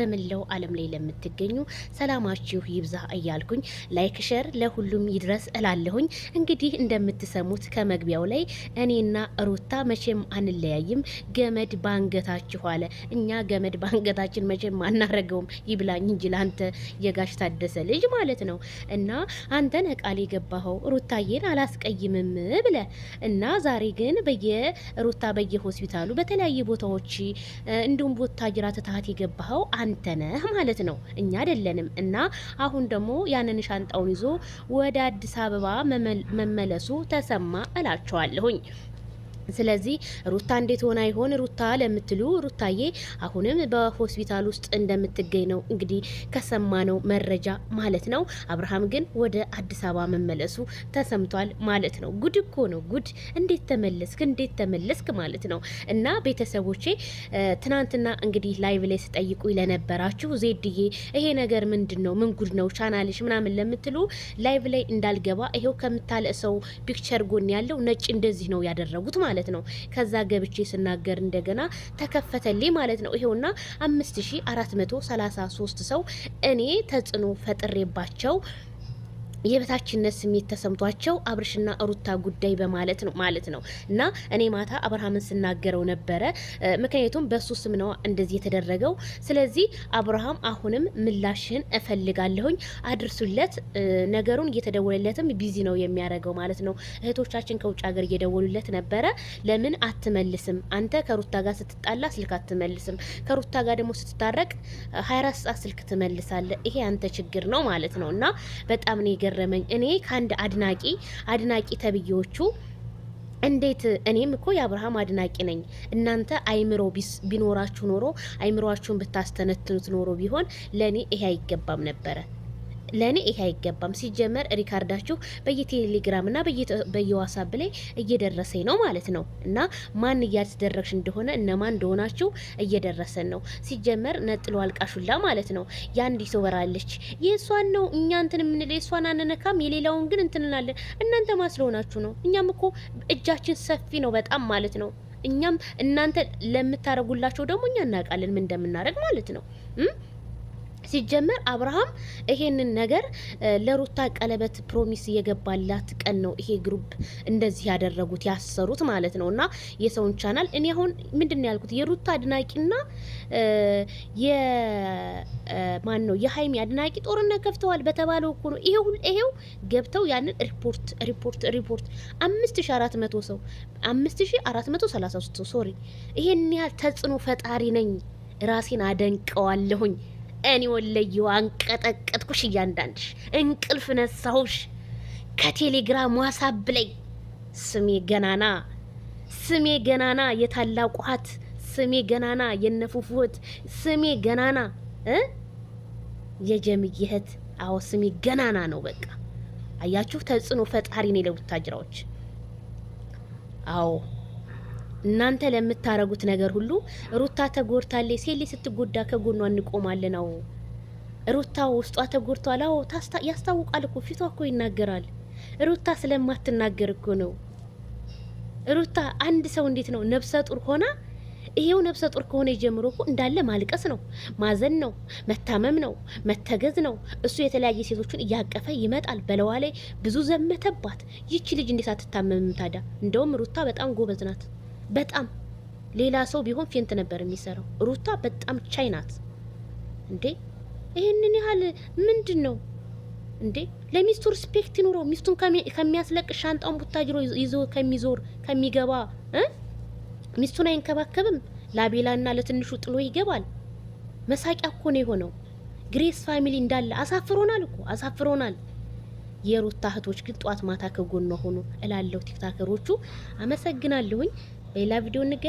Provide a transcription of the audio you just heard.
በመላው ዓለም ላይ ለምትገኙ ሰላማችሁ ይብዛ እያልኩኝ ላይክ ሸር ለሁሉም ይድረስ እላለሁኝ። እንግዲህ እንደምትሰሙት ከመግቢያው ላይ እኔና ሩታ መቼም አንለያይም፣ ገመድ ባንገታችሁ አለ። እኛ ገመድ ባንገታችን መቼም አናረገውም፣ ይብላኝ እንጂ ለአንተ የጋሽ ታደሰ ልጅ ማለት ነው። እና አንተን ቃል የገባኸው ሩታዬን አላስቀይምም ብለ እና ዛሬ ግን በየሩታ በየሆስፒታሉ በተለያየ ቦታዎች እንዲሁም ቦታ ጅራ ትታት የገባኸው አንተነህ ማለት ነው፣ እኛ አይደለንም። እና አሁን ደግሞ ያንን ሻንጣውን ይዞ ወደ አዲስ አበባ መመለሱ ተሰማ እላቸዋለሁኝ። ስለዚህ ሩታ እንዴት ሆና ይሆን ሩታ ለምትሉ ሩታዬ አሁንም በሆስፒታል ውስጥ እንደምትገኝ ነው እንግዲህ ከሰማነው መረጃ ማለት ነው። አብርሃም ግን ወደ አዲስ አበባ መመለሱ ተሰምቷል ማለት ነው። ጉድ እኮ ነው ጉድ! እንዴት ተመለስክ? እንዴት ተመለስክ ማለት ነው። እና ቤተሰቦቼ ትናንትና እንግዲህ ላይቭ ላይ ስጠይቁ ለነበራችሁ ዜድዬ ይሄ ነገር ምንድን ነው? ምን ጉድ ነው? ቻናልሽ ምናምን ለምትሉ ላይቭ ላይ እንዳልገባ ይሄው ከምታለሰው ፒክቸር ጎን ያለው ነጭ እንደዚህ ነው ያደረጉት ማለት ነው ማለት ነው። ከዛ ገብቼ ስናገር እንደገና ተከፈተልኝ ማለት ነው። ይሄውና አምስት ሺ አራት መቶ ሰላሳ ሶስት ሰው እኔ ተጽዕኖ ፈጥሬባቸው የበታችነት ስሜት ተሰምቷቸው አብርሽና ሩታ ጉዳይ በማለት ነው ማለት ነው። እና እኔ ማታ አብርሃምን ስናገረው ነበረ። ምክንያቱም በሱ ስም ነው እንደዚህ የተደረገው። ስለዚህ አብርሃም አሁንም ምላሽን እፈልጋለሁኝ፣ አድርሱለት። ነገሩን እየተደወለለትም ቢዚ ነው የሚያደርገው ማለት ነው። እህቶቻችን ከውጭ ሀገር እየደወሉለት ነበረ። ለምን አትመልስም? አንተ ከሩታ ጋር ስትጣላ ስልክ አትመልስም፣ ከሩታ ጋር ደግሞ ስትታረቅ 24 ሰዓት ስልክ ትመልሳለህ። ይሄ አንተ ችግር ነው ማለት ነው እና በጣም ነው የገረመኝ እኔ ከአንድ አድናቂ አድናቂ ተብዬዎቹ እንዴት እኔም እኮ የአብርሃም አድናቂ ነኝ። እናንተ አይምሮ ቢኖራችሁ ኖሮ አይምሮችሁን ብታስተነትኑት ኖሮ ቢሆን ለእኔ ይሄ አይገባም ነበረ። ለእኔ ይሄ አይገባም። ሲጀመር ሪካርዳችሁ በየቴሌግራምና በየዋሳብ ላይ እየደረሰኝ ነው ማለት ነው እና ማን እያስደረግሽ እንደሆነ እነማን እንደሆናችሁ እየደረሰን ነው። ሲጀመር ነጥሎ አልቃሹላ ማለት ነው። የአንድ ይሰወራለች የእሷን ነው እኛ እንትን የምንለው የእሷን አንነካም፣ የሌላውን ግን እንትንናለን። እናንተ ማ ስለሆናችሁ ነው? እኛም እኮ እጃችን ሰፊ ነው በጣም ማለት ነው። እኛም እናንተ ለምታደርጉላቸው ደግሞ እኛ እናውቃለን ምን እንደምናደርግ ማለት ነው። ሲጀመር አብርሃም ይሄንን ነገር ለሩታ ቀለበት ፕሮሚስ እየገባላት ቀን ነው ይሄ ግሩፕ እንደዚህ ያደረጉት ያሰሩት ማለት ነው። እና የሰውን ቻናል እኔ አሁን ምንድን ነው ያልኩት የሩታ አድናቂና የማን ነው የሀይሚ አድናቂ ጦርነት ከፍተዋል በተባለው እኮ ነው ይሄው ይሄው ገብተው ያንን ሪፖርት ሪፖርት ሪፖርት አምስት ሺ አራት መቶ ሰው አምስት ሺ አራት መቶ ሰላሳ ሶስት ሰው ሶሪ ይሄን ያህል ተጽዕኖ ፈጣሪ ነኝ ራሴን አደንቀዋለሁኝ እኔ ወለየው አንቀጠቀጥኩሽ፣ እያንዳንድሽ እንቅልፍ ነሳሁሽ። ከቴሌግራም ዋሳብ ላይ ስሜ ገናና ስሜ ገናና የታላቁ ውሀት ስሜ ገናና የነፉፉት ስሜ ገናና እ የጀምየህት አዎ ስሜ ገናና ነው። በቃ አያችሁ፣ ተጽዕኖ ፈጣሪ ነው ለቡታጅራዎች። አዎ እናንተ ለምታረጉት ነገር ሁሉ ሩታ ተጎድታለች። ሴሌ ስትጎዳ ከጎኗ እንቆማል ነው ሩታ ውስጧ ተጎድቷል። አዎ ያስታውቃል እኮ ፊቷ እኮ ይናገራል። ሩታ ስለማትናገር እኮ ነው። ሩታ አንድ ሰው እንዴት ነው ነብሰ ጡር ሆና ይሄው ነብሰ ጡር ከሆነ የጀምሮ እኮ እንዳለ ማልቀስ ነው፣ ማዘን ነው፣ መታመም ነው፣ መተገዝ ነው። እሱ የተለያየ ሴቶችን እያቀፈ ይመጣል። በለዋ ላይ ብዙ ዘመተባት። ይቺ ልጅ እንዴት አትታመምም ታዲያ? እንደውም ሩታ በጣም ጎበዝ ናት። በጣም ሌላ ሰው ቢሆን ፌንት ነበር የሚሰራው። ሩታ በጣም ቻይ ናት እንዴ! ይህንን ያህል ምንድን ነው እንዴ? ለሚስቱ ሪስፔክት ይኑረው። ሚስቱን ከሚያስለቅ ሻንጣውን ቡታጅሮ ይዞ ከሚዞር ከሚገባ ሚስቱን አይንከባከብም። ላቤላና ለትንሹ ጥሎ ይገባል። መሳቂያ እኮ ነው የሆነው። ግሬስ ፋሚሊ እንዳለ አሳፍሮናል እኮ አሳፍሮናል። የሩታ እህቶች ግን ጧት ማታ ከጎኗ ሆኖ እላለሁ። ቲክታከሮቹ አመሰግናለሁኝ። በሌላ ቪዲዮ እንገናኝ።